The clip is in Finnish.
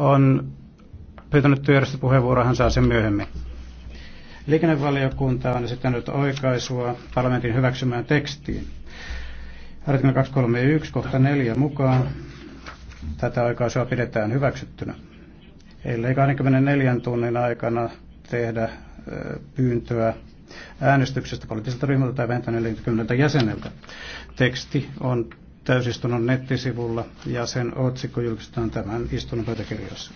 on pyytänyt puheenvuoroa, hän saa sen myöhemmin. Liikennevaliokunta on esittänyt oikaisua parlamentin hyväksymään tekstiin. Artikla 231 kohta 4 mukaan tätä oikaisua pidetään hyväksyttynä. Ellei 24 tunnin aikana tehdä pyyntöä äänestyksestä poliittiselta ryhmältä tai vähintään 40 jäseneltä. Teksti on täysistunnon nettisivulla ja sen otsikko julkistetaan tämän istunnon pöytäkirjoissa.